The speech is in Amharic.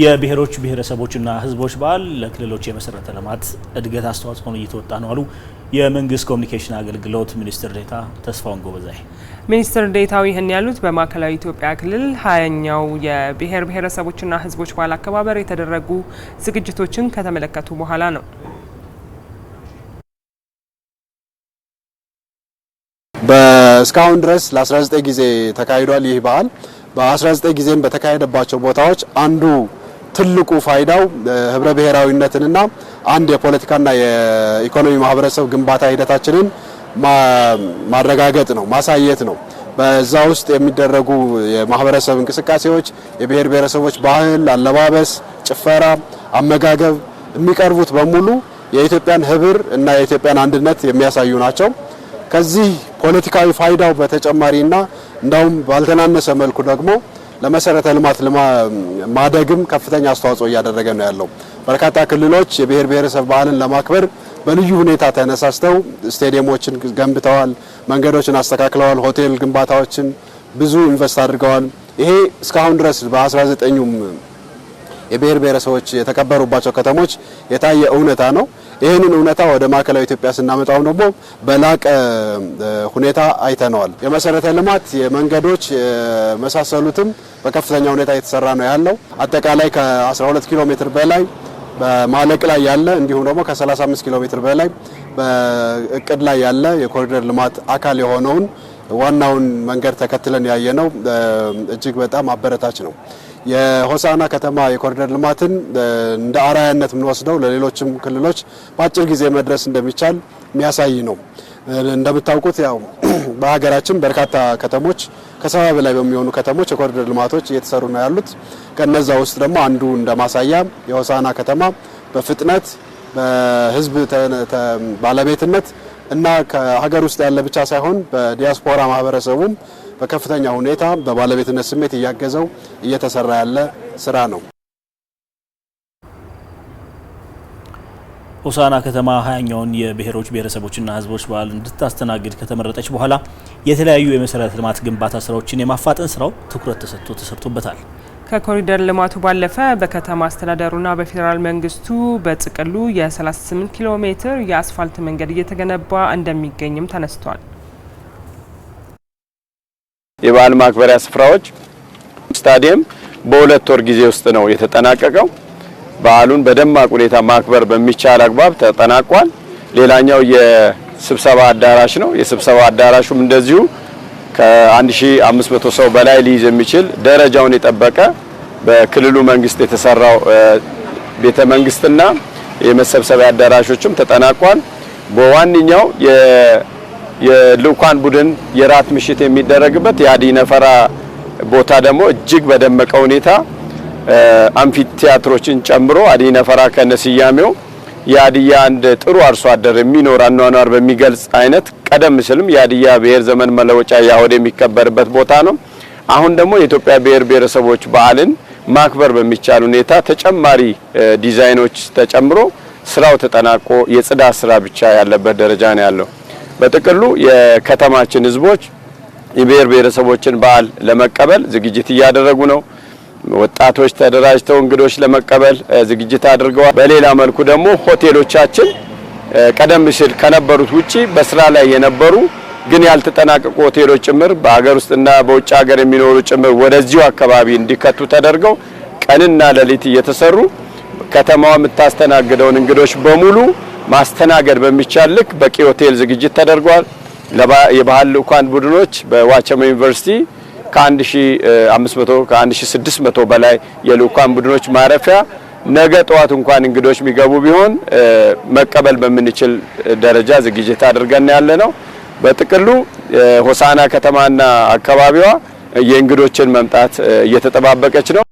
የብሔሮች ብሔረሰቦችና ህዝቦች በዓል ለክልሎች የመሰረተ ልማት እድገት አስተዋጽኦን እየተወጣ ነው አሉ የመንግስት ኮሚኒኬሽን አገልግሎት ሚኒስትር ዴታ ተስፋውን ጎበዛይ። ሚኒስትር ዴታው ይህን ያሉት በማዕከላዊ ኢትዮጵያ ክልል ሀያኛው የብሔር ብሔረሰቦችና ህዝቦች በዓል አከባበር የተደረጉ ዝግጅቶችን ከተመለከቱ በኋላ ነው። እስካሁን ድረስ ለ19 ጊዜ ተካሂዷል ይህ በዓል በ19 ጊዜም በተካሄደባቸው ቦታዎች አንዱ ትልቁ ፋይዳው ህብረ ብሔራዊነትንና አንድ የፖለቲካና የኢኮኖሚ ማህበረሰብ ግንባታ ሂደታችንን ማረጋገጥ ነው፣ ማሳየት ነው። በዛ ውስጥ የሚደረጉ የማህበረሰብ እንቅስቃሴዎች፣ የብሔር ብሔረሰቦች ባህል፣ አለባበስ፣ ጭፈራ፣ አመጋገብ የሚቀርቡት በሙሉ የኢትዮጵያን ህብር እና የኢትዮጵያን አንድነት የሚያሳዩ ናቸው። ከዚህ ፖለቲካዊ ፋይዳው በተጨማሪና እንዳውም ባልተናነሰ መልኩ ደግሞ ለመሰረተ ልማት ማደግም ከፍተኛ አስተዋጽኦ እያደረገ ነው ያለው። በርካታ ክልሎች የብሔር ብሔረሰብ በዓልን ለማክበር በልዩ ሁኔታ ተነሳስተው ስቴዲየሞችን ገንብተዋል፣ መንገዶችን አስተካክለዋል፣ ሆቴል ግንባታዎችን ብዙ ኢንቨስት አድርገዋል። ይሄ እስካሁን ድረስ በ19ኙም የብሔር ብሔረሰቦች የተከበሩባቸው ከተሞች የታየ እውነታ ነው። ይህንን እውነታ ወደ ማዕከላዊ ኢትዮጵያ ስናመጣው ደግሞ በላቀ ሁኔታ አይተነዋል። የመሰረተ ልማት፣ የመንገዶች የመሳሰሉትም በከፍተኛ ሁኔታ የተሰራ ነው ያለው። አጠቃላይ ከ12 ኪሎ ሜትር በላይ በማለቅ ላይ ያለ እንዲሁም ደግሞ ከ35 ኪሎ ሜትር በላይ በእቅድ ላይ ያለ የኮሪደር ልማት አካል የሆነውን ዋናውን መንገድ ተከትለን ያየነው እጅግ በጣም አበረታች ነው። የሆሳና ከተማ የኮሪደር ልማትን እንደ አራያነት የምንወስደው ለሌሎችም ክልሎች በአጭር ጊዜ መድረስ እንደሚቻል የሚያሳይ ነው። እንደምታውቁት ያው በሀገራችን በርካታ ከተሞች ከሰባ በላይ በሚሆኑ ከተሞች የኮሪደር ልማቶች እየተሰሩ ነው ያሉት። ከነዛ ውስጥ ደግሞ አንዱ እንደ ማሳያ የሆሳና ከተማ በፍጥነት በህዝብ ባለቤትነት እና ከሀገር ውስጥ ያለ ብቻ ሳይሆን በዲያስፖራ ማህበረሰቡም በከፍተኛ ሁኔታ በባለቤትነት ስሜት እያገዘው እየተሰራ ያለ ስራ ነው። ሆሳና ከተማ ሀያኛውን የብሔሮች ብሔረሰቦችና ህዝቦች በዓል እንድታስተናግድ ከተመረጠች በኋላ የተለያዩ የመሰረተ ልማት ግንባታ ስራዎችን የማፋጠን ስራው ትኩረት ተሰጥቶ ተሰርቶበታል። ከኮሪደር ልማቱ ባለፈ በከተማ አስተዳደሩና በፌዴራል መንግስቱ በጥቅሉ የ38 ኪሎ ሜትር የአስፋልት መንገድ እየተገነባ እንደሚገኝም ተነስቷል። የበዓል ማክበሪያ ስፍራዎች ስታዲየም በሁለት ወር ጊዜ ውስጥ ነው የተጠናቀቀው። በዓሉን በደማቅ ሁኔታ ማክበር በሚቻል አግባብ ተጠናቋል። ሌላኛው የስብሰባ አዳራሽ ነው። የስብሰባ አዳራሹም እንደዚሁ ከ1500 ሰው በላይ ሊይዝ የሚችል ደረጃውን የጠበቀ በክልሉ መንግስት የተሰራው ቤተ መንግስትና የመሰብሰቢያ አዳራሾችም ተጠናቋል። በዋነኛው የልኡካን ቡድን የራት ምሽት የሚደረግበት የአዲ ነፈራ ቦታ ደግሞ እጅግ በደመቀ ሁኔታ አምፊ ቲያትሮችን ጨምሮ አዲ ነፈራ ከነስያሜው የአድያ አንድ ጥሩ አርሶ አደር የሚኖር አኗኗር በሚገልጽ አይነት ቀደም ሲልም የሀዲያ ብሔር ዘመን መለወጫ ያሆድ የሚከበርበት ቦታ ነው። አሁን ደግሞ የኢትዮጵያ ብሔር ብሔረሰቦች በዓልን ማክበር በሚቻል ሁኔታ ተጨማሪ ዲዛይኖች ተጨምሮ ስራው ተጠናቆ የጽዳት ስራ ብቻ ያለበት ደረጃ ነው ያለው። በጥቅሉ የከተማችን ህዝቦች የብሔር ብሔረሰቦችን በዓል ለመቀበል ዝግጅት እያደረጉ ነው። ወጣቶች ተደራጅተው እንግዶች ለመቀበል ዝግጅት አድርገዋል። በሌላ መልኩ ደግሞ ሆቴሎቻችን ቀደም ሲል ከነበሩት ውጪ በስራ ላይ የነበሩ ግን ያልተጠናቀቁ ሆቴሎች ጭምር በሀገር ውስጥና በውጭ ሀገር የሚኖሩ ጭምር ወደዚሁ አካባቢ እንዲከቱ ተደርገው ቀንና ሌሊት እየተሰሩ ከተማዋ የምታስተናግደውን እንግዶች በሙሉ ማስተናገድ በሚቻል ልክ በቂ ሆቴል ዝግጅት ተደርጓል። የባህል ልኡካን ቡድኖች በዋቸሞ ዩኒቨርሲቲ ከ1500 ከ1600 በላይ የልኡካን ቡድኖች ማረፊያ ነገ ጠዋት እንኳን እንግዶች የሚገቡ ቢሆን መቀበል በምንችል ደረጃ ዝግጅት አድርገን ያለ ነው። በጥቅሉ ሆሳና ከተማና አካባቢዋ የእንግዶችን መምጣት እየተጠባበቀች ነው።